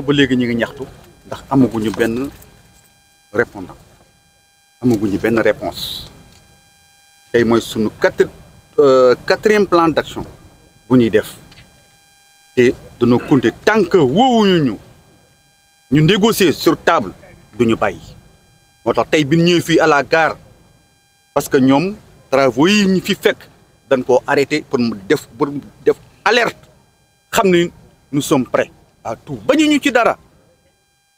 boobu ba léegi ñu ngi ñaxtu ndax amaguñu benn répondant amaguñu benn réponse tey mooy sunu quatre euh, quatrième plan d'action bu ñuy def te dañoo compter tant que woowuñu ñu ñu négocier sur table du ñu bàyyi moo tax tey bi ñu ñëwee fii à la gare parce que ñoom travaux yi ñu fi fekk dañ ko arrêté pour mu def pour def alerte xam ni nous sommes prêts à tout bañuñu ci dara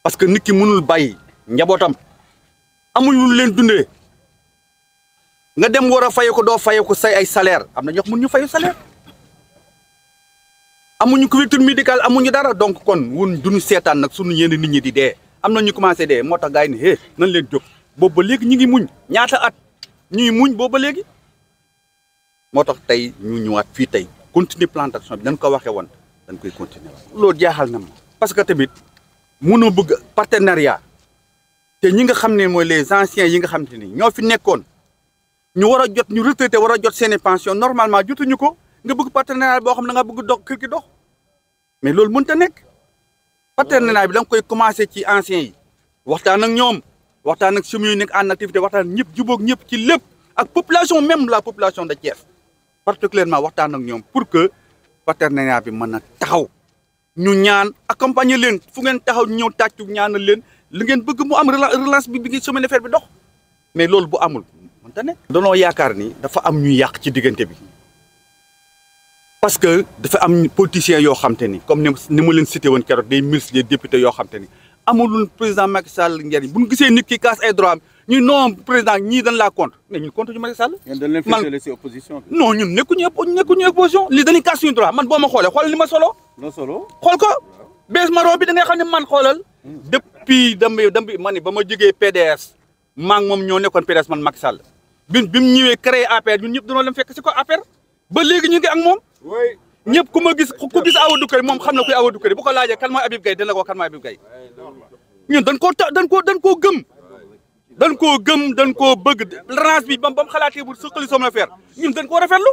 parce que nit ki mënul bàyyi njabootam amul lu leen dundee nga dem war a faye ko doo faye ko say ay salaire am na ñoo xam ne ñu fayu salaire amuñu couverture médicale amuñu dara donc kon wun duñu seetaan nag sunu yenn nit ñi di dee am na ñu commencé dee moo tax gars yi hé eh, nañ leen jóg bo ba léegi ñu ngi muñ ñaata at ñuy muñ boobu ba léegi moo tax tey ñu ñëwaat fii tey continuer plantation bi nañ ko waxee woon dañ koy continuer loolu na ma parce que tamit mënoo bëgg partenariat te ñi nga xam ne mooy les anciens yi nga xam te ni ñoo fi nekkoon ñu war a jot ñu retraité war a jot seeni pension normalement jotuñu ko nga bëgg partenariat boo xam ne nga bëgg dox kër gi dox mais loolu mënta nekk partenariat bi da koy commencé ci anciens yi waxtaan ak ñoom waxtaan ak cheminots yi nekk en activité waxtaan ñëpp jubóog ñëpp ci lépp ak population même la population de Thiès partenariat bi mën na taxaw ñu ñaan accompagner leen fu ngeen taxaw ñëw tàccu ñaanal leen li ngeen bëgg mu am relance bi bi ngi chemin de fer bi dox mais loolu bu amul mënta ne danoo yaakaar ni dafa am ñu yàq ci diggante bi parce que dafa am politiciens yoo xam te ni comme ni ma leen cité woon keroog des ministres des députés yoo xam te ni amulul président Macky Sall njëriñ bu ñu gisee nit ki kaas ay droit am ñu non président ñii dañ la contre mais ñun contre ñu Macky Sall. man dañ leen fësale si opposition bi. non ñun nekkuñu nekkuñu opposition lii dañuy casse suñu droit man boo ma xoolee xoolal li ma solo. xool ko. bees maro bi da ngay xam ne man xoolal. Hmm. depuis damay damay ma ne ba ma jógee PDS. maa ngi moom ñoo nekkoon PDS man Macky Sall. bi mu ñëwee créé APR ñun ñëpp dañoo dem fekk si ko APR. ba léegi ñu ngi ak moom. ñëpp ku ma gis ku gis Awa Doukouré moom xam na kuy Awa Doukouré bu ko laajee kan mooy Habib Gaye dina ko kan mooy Habib Gaye ñun dañ koo dañ koo gëm dañ koo gëm dañ koo bëgg range bi bam bam xalaatee bu suqali somme affaire ñun dañ koo rafetlu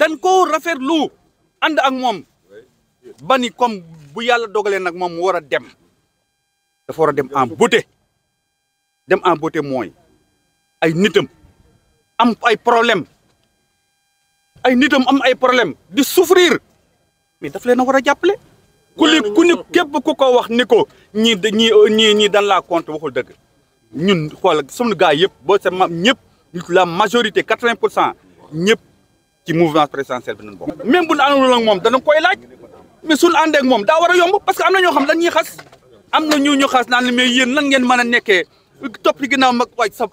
dañ koo rafetlu ànd ak moom bani ni comme bu yàlla dogalee nag moom mu war a dem dafa war a dem en beauté dem en beauté mooy ay nitam am ay problème ay nitam am ay problème di souffrir mais daf leen a war a jàppale ku li ku ni képp ku ko wax ni ko ñi ñi ñii ñii dan laa compte waxul dëgg ñun xool suñu ga yëpp boo sa ma ñëpp la majorité quatre vingt pour cent ñëpp ci mouvement présidentiel bi nañ bokk. même bu ñu àndul ak moom dana koy laaj mais suñu àndee moom daa war yomb parce que am na ñoo xam dañ ñuy xas am na ñu ñu xas naan mais yéen nan ngeen mën a nekkee topp ci ginnaaw mag waaj sa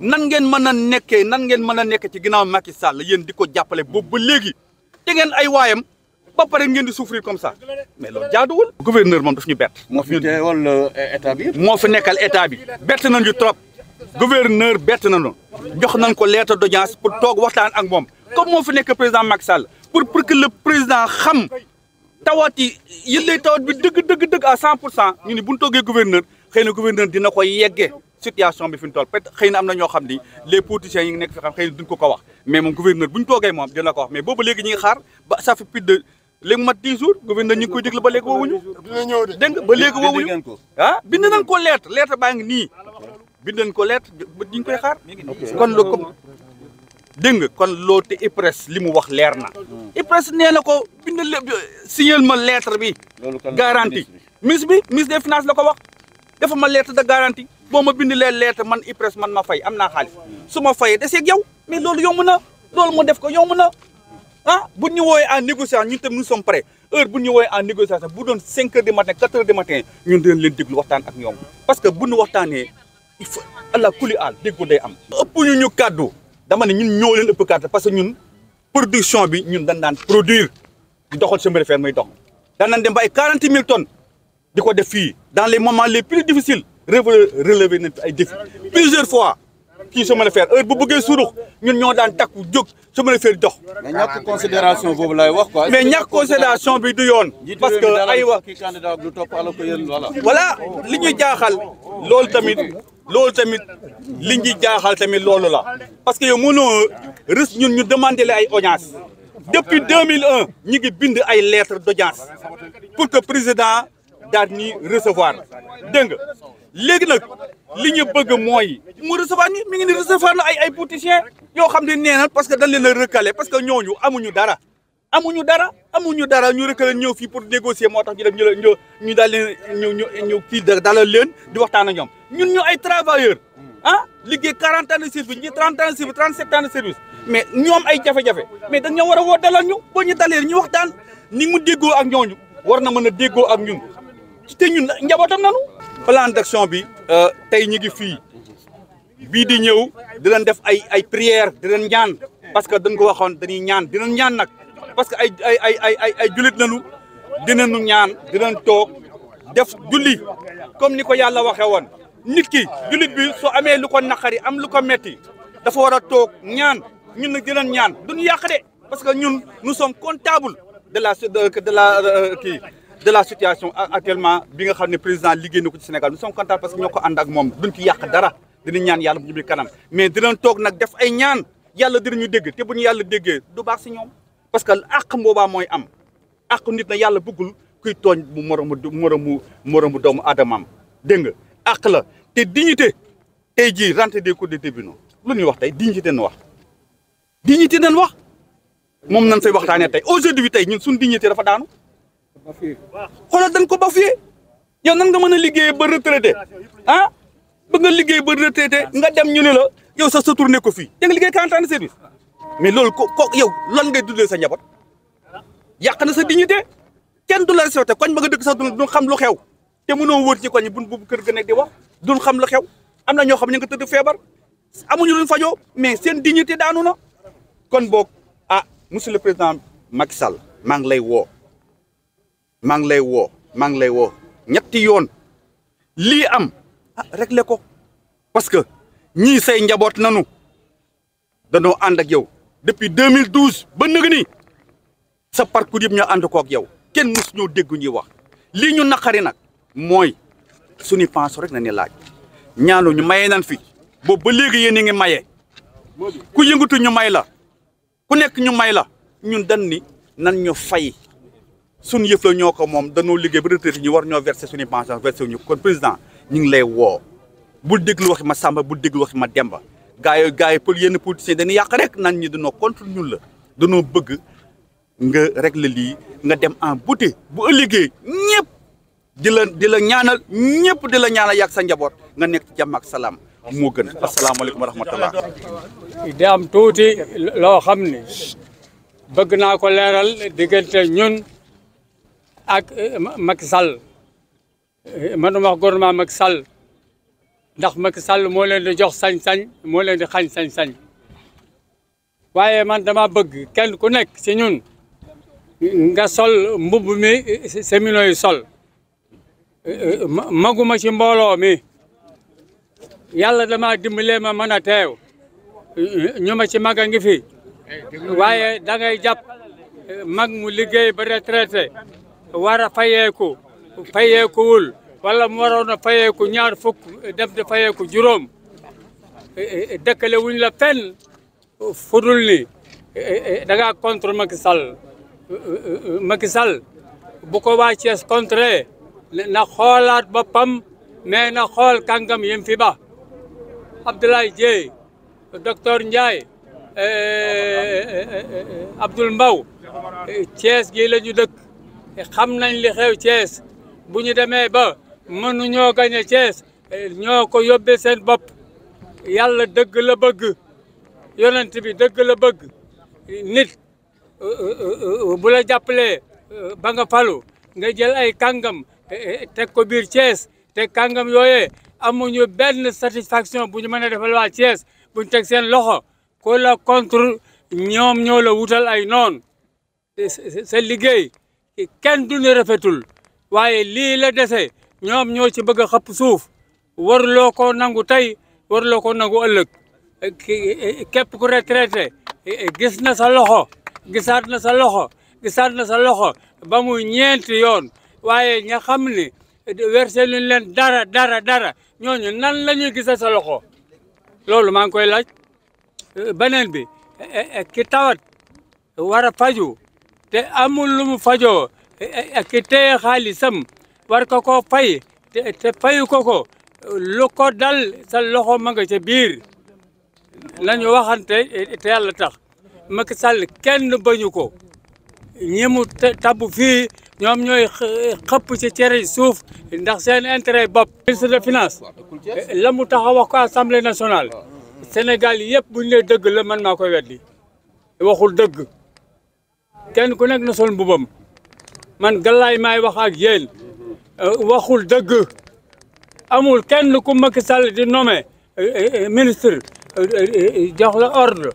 nan ngeen mën a nekkee nan ngeen mën a nekkee ci ginnaaw Macky Sall yéen di ko jàppale boobu ba léegi te ngeen ay waayam. ba pare ngeen di souffrir comme ça mais loolu jaaduwul. gouverneur moom daf ñu bett. moo fi teewal euh, état bi. moo fi nekkal état bi bett nañu trop gouverneur bett nañu jox nañ ko lettre d'audience pour toog waxtaan ak moom comme moo fi nekk président Macky Sall pour pour que le président xam tawat yi yële tawat bi dëgg dëgg dëgg à 100 pour cent ñu ni bu ñu toogee gouverneur xëy na gouverneur dina ko yeggee. situation bi fi mu toll peut-être xëy na am na ñoo xam ni les politiciens yi nekk fi xam xëy na duñ ko ko wax mais moom gouverneur moom dina ko wax mais boobu léegi ñu ngi léegi mat dix jours gouverneur ñu ngi koy déglu ba léegi woowuñu. dina ñëw de dégg nga ba léegi woowuñu ah bind nañ ko lettre lettre baa ngi nii bind nañ ko lettre ba diñ koy xaar. kon lo comme dégg nga kon loo te IPRES li mu wax leer na. IPRES nee na ko bind le si signal ma leetre bi. garantie mis bi ministre de finances la ko wax. dafa ma lettre de garantie boo ma bind leen lettre man IPRES man ma fay am na xaalis su ma fayee deseeg yow mais loolu yomb na loolu mu def ko yomb na. ah bu ñu wooyee en négociation ñun tam nous sommes prêts heure bu ñu wooyee en négociation bu doon 5 heures du matin 4 heures du matin ñun dinañ leen déglu waxtaan ak ñoom parce que bu ñu waxtaanee il faut allah kulli aal déggoo day am. ëpp ñu ñu kàddu dama ne ñun ñoo leen ëpp kàddu parce que ñun production bi ñun dañ daan produire di doxal chemin de fer muy dox daan nañ dem ba ay 40 000 tonnes di ko def fii dans les moments les plus difficiles relever nañ fi ay défis plusieurs ci chemin de fer heure bu bëggee surux ñun ñoo daan takku jóg chemin de fer dox. mais ñàkk considération boobu lay wax quoi. ñàkk considération bi du yoon. parce que ay wax kii candidat ak lu topp ala ko yéen voilà. voilà li ñu jaaxal loolu tamit loolu tamit li ñu jaaxal tamit loolu la parce que yow mënoo rës ñun ñu demandé la ay audience depuis 2001 ñu ngi bind ay lettres d'audience pour que président daat ñuy recevoir dégg léegi nag li ñu bëgg mooy mu recevoir ñu mi ngi ni recevoir na ay ay politiciens yoo xam ne neenal parce que dañ leen a recalé parce que ñooñu amuñu dara amuñu dara amuñu dara ñu recalé ñëw fii pour négocier moo tax ñu dem ñu ñu ñu daal leen ñu ñu ñu kii dalal leen di waxtaan ak ñoom ñun ñu ay travailleurs ah liggéey 40 ans de service ñi 30 ans de service 37 ans de mais ñoom ay jafe-jafe mais dañ ñoo war a woo dalal ñu boo ñu dalee ñu waxtaan ni mu déggoo ak ñooñu war na mën a déggoo ak ñun te ñun njabootam nanu plan d'action bi euh, tey ñu ngi fii bii di ñëw di leen def ay ay prière di leen ñaan parce que dañ ko waxoon dañuy ñaan di ñaan nag parce que ay ay ay ay ay ay jullit nañu dinañu ñaan dinañ toog def julli comme ni ko yàlla waxee woon nit ki jullit bi soo amee lu ko naqari am lu ko metti dafa war a toog ñaan ñun nag dinañ ñaan duñu yàq de parce que ñun nous sommes comptables de la de la euh, kii de la situation actuellement bi nga xam ne président liggéey na ko ci Sénégal nous sommes contents parce que ñoo moom duñ ci yàq dara dinañ ñaan yàlla bu ñu kanam mais dinañ toog nag def ay ñaan yàlla dinañu dégg te bu ñu yàlla déggee du baax si ñoom parce que moo baa mooy am àq nit na yàlla bëggul kuy tooñ mu moromu moromu moromu doomu aadamaam dégg nga àq la te dignité tey jii rentrée des cours des tribunaux lu ñuy wax tey dignité nañ wax dignité nañ wax moom nañ fay waxtaanee tey aujourd'hui tey ñun suñu dignité dafa daanu xoolal dañ ko ba bafoué yow nan nga mën a liggéey ba retraité ah bëgg nga liggéey ba retraité nga dem ñu ne la yow sa sa tour ko fii da nga liggéey 40 ans de mais loolu ko ko yow lan ngay dundee sa njaboot yàq na sa dignité kenn du la respecté koñ ba nga dëkk sax du xam lu xew te mënoo wóor ci koñ bun bu kër ga nekk di wax duñ xam lu xew am na ñoo xam ne nga tëdd feebar amuñu luñ fajoo mais seen dignité daanu na kon boog ah monsieur le président Macky Sall maa ngi lay woo. maa ngi lay woo maa ngi lay woo ñetti yoon lii am ah réglé ko parce que ñii say njaboot nanu danoo ànd ak yow depuis 2012 ba nëg ni sa parcours yëpp ñoo ànd yow kenn mus ñoo dégg ñuy wax lii ñu naqari nag mooy suñu pension rek na ni laaj ñaanu ñu mayee nan fi boobu ba léegi yéen a maye ku yëngatu ñu may la ku nekk ñu may la ñun dan ni nan ñu fay sun yëf la ko moom dañoo liggéey ba retraité ñu war ñoo verser suñuy pension verser ñu kon président ñu ngi lay woo bul déglu waxi ma Samba bul déglu waxi ma Demba gars yi gars yi pour yenn politiciens dañuy yàq rek nan ñi dañoo contre ñun la dañoo bëgg nga la lii nga dem en beauté bu ëllëgee ñëpp di la di ñaanal ñëpp di la ñaanal yàgg sa njaboot nga nekk ci salaam ak salaam moo gën asalaamaaleykum wa rahmatullah di am tuuti loo xam ne bëgg naa ko leeral diggante ak eh, Macky Sall eh, manuma wax gouvernement Macky Sall ndax mak Sall moo leen di jox sañ-sañ moo leen di xañ sañ-sañ waaye man dama bëgg kenn ku nekk ci nga sol mbubb mi sémino eh, yi sol maguma ci mbooloo mi yàlla dama dimbalee ma mën a teew ñu ma ci mag a ngi fi waaye da ngay jàpp mag mu liggéey ba war a fayeeku fayeekuwul walla mu waroon a fayeeku ñaar fukk dem di fayeeku juróom e, e, e, dëkkale wuñ la fenn fudul ni da ngaa contre Macky Sall Macky Sall bu ko waa Thiès contre na xoolaat boppam mais na xool kàngam yim fi ba Abdoulaye Dieye docteur Ndiaye Abdoul Mbow Thiès gii la ñu dëkk Eh, xam nañ li xew Thiès bu ñu demee ba mënuñoo gañe Thiès eh, ñoo ko yóbbee seen bopp yàlla dëgg la bëgg yonent bi dëgg la bëgg nit eh, bu la jàppalee ba nga falu nga jël ay kàngam teg ko biir Thiès te kàngam yooyee amuñu benn satisfaction bu ñu mën a defal waa Thiès buñ teg seen loxo ku la contre ñoom ñoo la wutal ay noon sa liggéey kenn du ne rafetul waaye lii la dese ñoom ñoo ci bëgg a xëpp suuf waruloo ko nangu tey waruloo ko nangu ëllëg képp ku retraité gis na sa loxo gisaat na sa loxo gisaat na sa loxo ba muy ñeenti yoon waaye ña xam ne len leen dara dara dara ñooñu nan la ñuy gisa sa loxo loolu maa ngi koy laaj beneen bi ki tawat war a faju te amul lu mu fajoo e, e, e, ki xaalisam war ko ko fay te fayu ko ko lu dal sa loxo ma nga ca biir nañu waxante te yàlla tax Macky Sall kenn bañu ko ñi mu fii ñoom ñooy xëpp si cere suuf ndax seen intérêt bopp ministre de finance la mu taxaw wax ko assemblée nationale Sénégal yëpp bu ñu ne dëgg la man maa koy weddi waxul dëgg kenn ku nekk na sol mbubam man Galaye maay wax ak yéen euh, waxul dëgg amul kenn ku Macky Sall di nommé euh, euh, ministre jox la ordre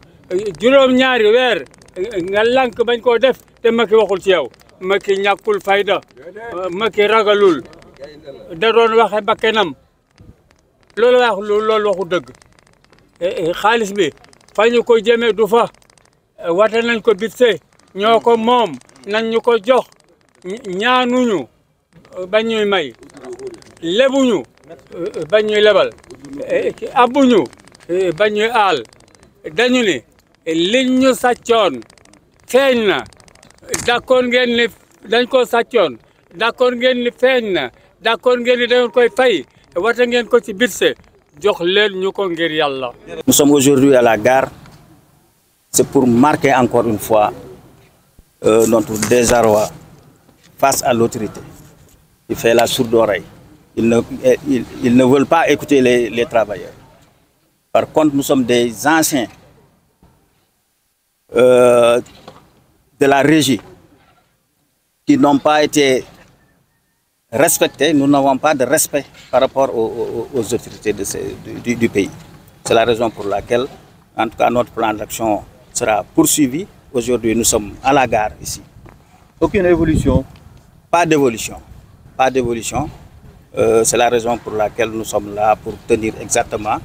ñaari weer nga lànk bañ koo def te Macky waxul ci yow Macky ñàkkul fayda Macky ragalul da doon waxe bakkenam loolu wax loolu waxul dëgg xaalis bi fa ñu ko jëmee du fa wate nañ ko bitse ñoo ko moom nañ ñu ko jox ñaanuñu euh, bañ ñuy may lebuñu euh, bañ ñuy lebal euh, abuñu bañ ñuy aal dañu ni liñ ñu sàccoon feeñ na d'accord ngeen ni dañ ko sàccoon d'accord ngeen ni feeñ na d'accord ngeen ni dañu koy fay wata ngeen ko ci bitse jox leen ñu ko ngir yàlla. Nous sommes aujourd'hui à la gar c'est pour marquer encore une fois euh, notre désarroi face à l'autorité. Il fait la sourde oreille. Ils euh, ne, veulent pas écouter les, les, travailleurs. Par contre, nous sommes des anciens euh, de la régie qui n'ont pas été respectés. Nous n'avons pas de respect par rapport aux, aux, aux autorités de ce, du, du pays. C'est la raison pour laquelle, en tout cas, notre plan d'action sera poursuivi Aujourd'hui, nous sommes à la gare ici. Aucune évolution Pas d'évolution. Pas d'évolution. Euh, C'est la raison pour laquelle nous sommes là, pour tenir exactement.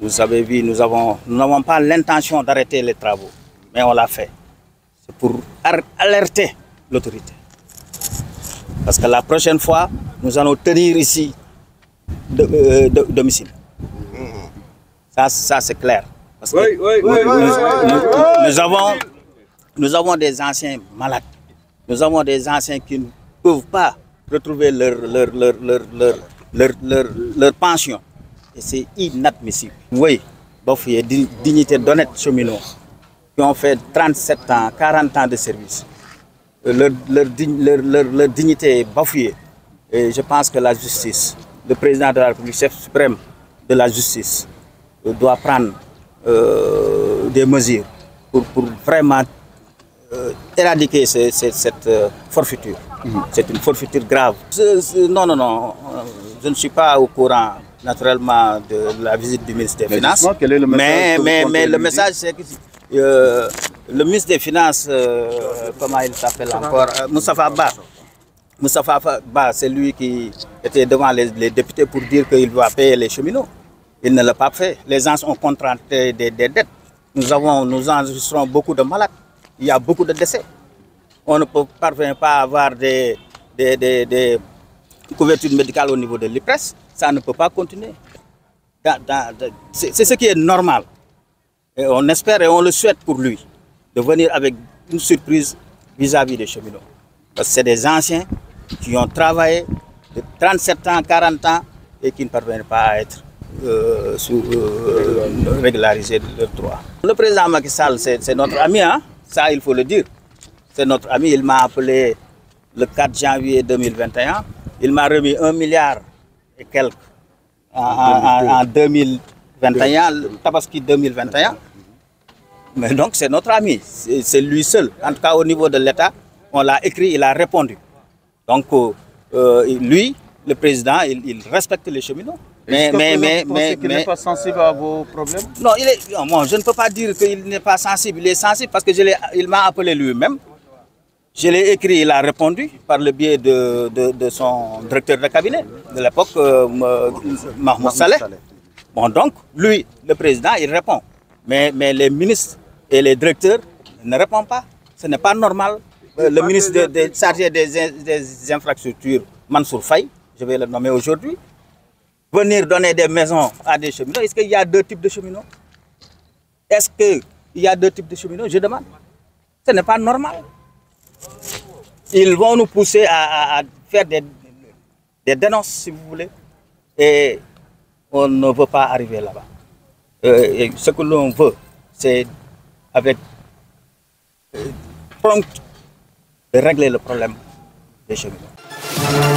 Vous avez vu, nous n'avons nous pas l'intention d'arrêter les travaux, mais on l'a fait. C'est pour alerter l'autorité. Parce que la prochaine fois, nous allons tenir ici de, euh, de, domicile. Ça, ça c'est clair. Parce que oui, oui, oui, nous, nous, nous, nous avons... Nous avons des anciens malades. Nous avons des anciens qui ne peuvent pas retrouver leur, leur, leur, leur, leur, leur, leur, leur pension. Et c'est inadmissible. Oui, Bofouye, dignité d'honnêtes cheminots qui ont fait 37 ans, 40 ans de service. Euh, leur, leur, leur, leur dignité est bafouée. Et je pense que la justice, le président de la République, chef de la justice, euh, doit prendre euh, des mesures pour, vraiment Euh, éradiquer cette, cette euh, forfaiture. Mmh. C'est une forfaiture grave. non, non, non, je ne suis pas au courant naturellement de la visite du ministre des mais Finances. mais le message, c'est que euh, le ministre des Finances, euh, comment il s'appelle encore, euh, Ba. c'est lui qui était devant les, députés pour dire qu'il doit payer les cheminots. Il ne l'a pas fait. Les gens ont contracté des, dettes. nous enregistrons beaucoup de malades. il y a de décès. On ne peut des, des, des, des couvertures médicales au niveau de l'IPRES. Ça ne peut pas continuer. C'est ce qui est normal. pour lui de avec une surprise à des Parce que des anciens qui ont travaillé de 37 ans, 40 ans et qui ne parviennent pas à être euh, sous, euh, régularisés de leurs droits. Sall, c'est notre ami, Ça, il faut le dire. C'est notre ami. Il m'a appelé le 4 janvier 2021. Il m'a remis un milliard et quelques en, en, en 2021, Tabaski 2021. Mais donc, c'est notre ami. C'est lui seul. En tout cas, au niveau de l'État, on l'a écrit, il a répondu. Donc, euh, euh, lui, le président, il, il respecte les cheminots. mais mais mais mais mais n'est pas sensible à vos problèmes. non il est non, moi je ne peux pas dire qu'il n'est pas sensible il est sensible parce que je l'ai il m'a appelé lui-même je l'ai écrit il a répondu par le biais de de de son directeur de cabinet de l'époque euh, Mahmoud Saleh bon donc lui le président il répond mais mais les ministres et les directeurs ne répondent pas ce n'est pas normal euh, le ministre de, de chargé des des infrastructures Mansour Faye je vais le nommer aujourd'hui venir donner des maisons à des cheminots Est-ce qu'il y a deux types de cheminots Est-ce qu'il y a deux types de cheminots Je demande. Ce n'est pas normal. Ils vont nous pousser à, à, à faire des, dénonces, si vous voulez. Et on ne veut pas arriver là-bas. Euh, ce que l'on veut, c'est avec euh, de régler le problème des cheminots.